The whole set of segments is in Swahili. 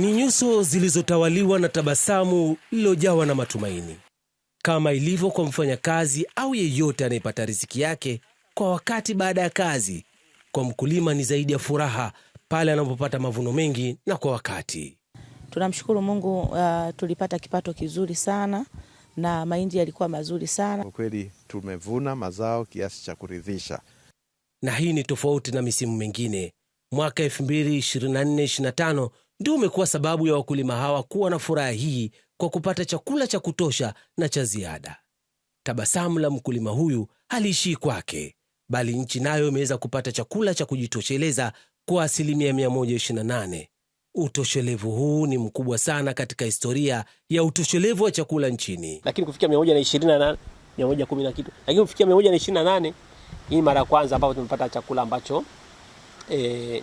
Ni nyuso zilizotawaliwa na tabasamu lililojawa na matumaini, kama ilivyo kwa mfanyakazi au yeyote anayepata riziki yake kwa wakati baada ya kazi. Kwa mkulima ni zaidi ya furaha pale anapopata mavuno mengi na kwa wakati. Tunamshukuru Mungu, uh, tulipata kipato kizuri sana na mahindi yalikuwa mazuri sana. Kwa kweli tumevuna mazao kiasi cha kuridhisha, na hii ni tofauti na misimu mingine. Mwaka 2024 ndio umekuwa sababu ya wakulima hawa kuwa na furaha hii kwa kupata chakula cha kutosha na cha ziada. Tabasamu la mkulima huyu haliishii kwake, bali nchi nayo imeweza kupata chakula cha kujitosheleza kwa asilimia 128. Utoshelevu huu ni mkubwa sana katika historia ya utoshelevu wa chakula nchini, lakini kufikia 128 110 na kitu, lakini kufikia 128 hii mara ya kwanza ambapo tumepata chakula ambacho e,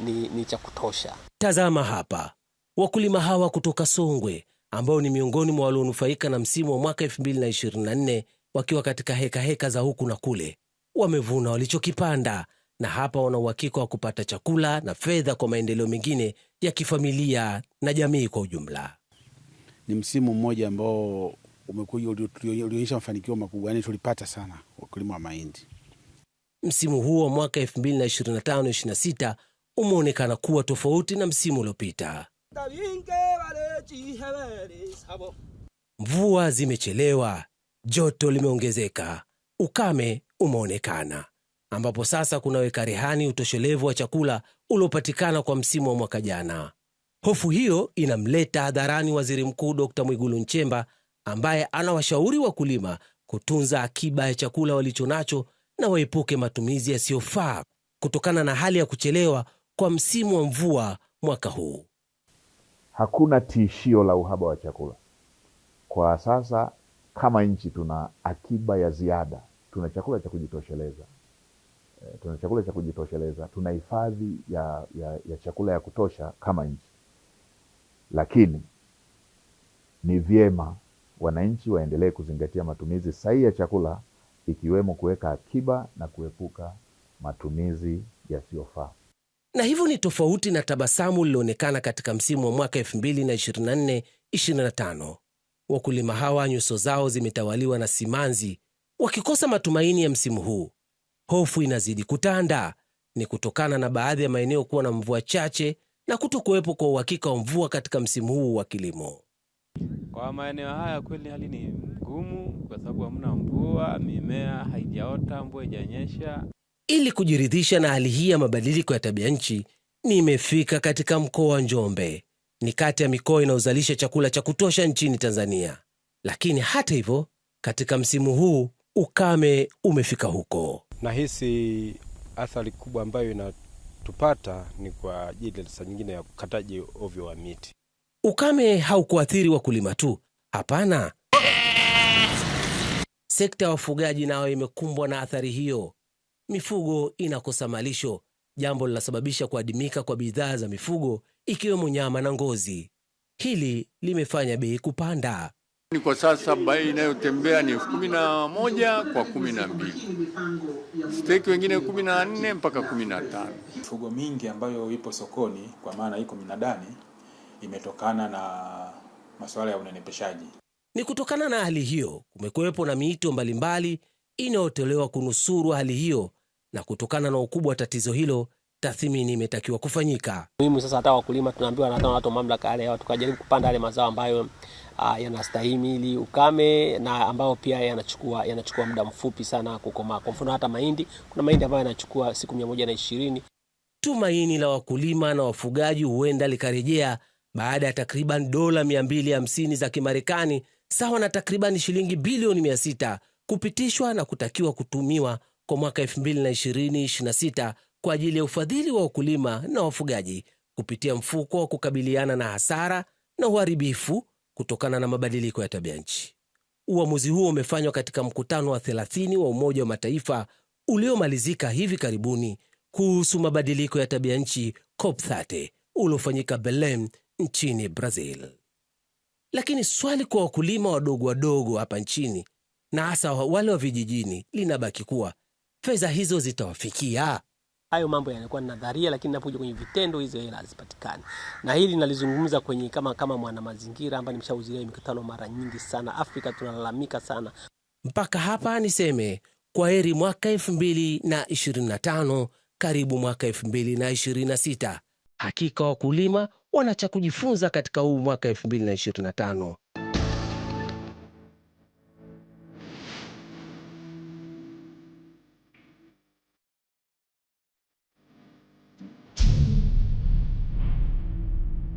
ni, ni cha kutosha. Tazama hapa, Wakulima hawa kutoka Songwe ambao ni miongoni mwa walionufaika na msimu wa mwaka 2024 wakiwa katika heka heka za huku na kule, wamevuna walichokipanda na hapa wana uhakika wa kupata chakula na fedha kwa maendeleo mengine ya kifamilia na jamii kwa ujumla. Ni msimu mmoja ambao umekuja ulionyesha mafanikio makubwa, yani tulipata sana wakulima wa mahindi. Msimu huo wa mwaka 2025/26 umeonekana kuwa tofauti na msimu uliopita. Mvua zimechelewa, joto limeongezeka, ukame umeonekana, ambapo sasa kunaweka rehani utoshelevu wa chakula uliopatikana kwa msimu wa mwaka jana. Hofu hiyo inamleta hadharani Waziri Mkuu Dkt. Mwigulu Nchemba ambaye anawashauri wakulima kutunza akiba ya chakula walichonacho na waepuke matumizi yasiyofaa kutokana na hali ya kuchelewa kwa msimu wa mvua mwaka huu hakuna tishio la uhaba wa chakula kwa sasa. Kama nchi tuna akiba ya ziada, tuna chakula cha kujitosheleza eh, tuna chakula cha kujitosheleza, tuna hifadhi ya, ya, ya chakula ya kutosha kama nchi, lakini ni vyema wananchi waendelee kuzingatia matumizi sahihi ya chakula ikiwemo kuweka akiba na kuepuka matumizi yasiyofaa na hivyo ni tofauti na tabasamu lilionekana katika msimu wa mwaka 2024-25. Wakulima hawa nyuso zao zimetawaliwa na simanzi, wakikosa matumaini ya msimu huu. Hofu inazidi kutanda, ni kutokana na baadhi ya maeneo kuwa na mvua chache na kuto kuwepo kwa uhakika wa mvua katika msimu huu wa kilimo. Kwa maeneo haya kweli hali ni ngumu, kwa sababu hamna mvua, mimea haijaota, mvua haijanyesha. Ili kujiridhisha na hali hii ya mabadiliko ya tabia nchi, nimefika katika mkoa wa Njombe. Ni kati ya mikoa inayozalisha chakula cha kutosha nchini Tanzania, lakini hata hivyo, katika msimu huu ukame umefika huko. Nahisi athari kubwa ambayo inatupata ni kwa ajili sa nyingine ya ukataji ovyo wa miti. Ukame haukuathiri wakulima tu, hapana, sekta ya wafugaji nayo imekumbwa na athari hiyo mifugo inakosa malisho, jambo linasababisha kuadimika kwa bidhaa za mifugo ikiwemo nyama na ngozi. Hili limefanya bei kupanda. Ni kwa sasa bei inayotembea ni elfu kumi na moja kwa kumi na mbili steki wengine kumi na nne mpaka kumi na tano. Mifugo mingi ambayo ipo sokoni kwa maana iko minadani imetokana na masuala ya unenepeshaji. Ni kutokana na hali hiyo, kumekuwepo na miito mbalimbali inayotolewa kunusuru hali hiyo na kutokana na ukubwa wa tatizo hilo tathmini imetakiwa kufanyika. Muhimu sasa, hata wakulima tunaambiwa na watu mamlaka yale tukajaribu kupanda yale mazao ambayo ah, yanastahimili ukame na ambayo pia yanachukua yanachukua muda mfupi sana kukomaa. Kwa mfano hata mahindi, kuna mahindi ambayo yanachukua siku mia moja na ishirini. Tumaini la wakulima na wafugaji huenda likarejea baada ya takriban dola 250 za Kimarekani sawa na takriban shilingi bilioni 600 kupitishwa na kutakiwa kutumiwa kwa mwaka 2026 kwa ajili ya ufadhili wa wakulima na wafugaji kupitia mfuko wa kukabiliana na hasara na uharibifu kutokana na mabadiliko ya tabia nchi. Uamuzi huo umefanywa katika mkutano wa 30 wa Umoja wa Mataifa uliomalizika hivi karibuni kuhusu mabadiliko ya tabia nchi COP30 uliofanyika Belem nchini Brazil. Lakini swali kwa wakulima wadogo wadogo hapa nchini na hasa wale wa vijijini linabaki kuwa fedha hizo zitawafikia. Hayo mambo yanakuwa ni nadharia, lakini napokuja kwenye vitendo hizo hela hazipatikani, na hili nalizungumza kwenye kama kama mwana mazingira ambaye nimeshahudhuria mikutano mara nyingi sana. Afrika tunalalamika sana. Mpaka hapa niseme kwa heri mwaka 2025, karibu mwaka 2026. Hakika wakulima wanacha kujifunza katika huu mwaka 2025.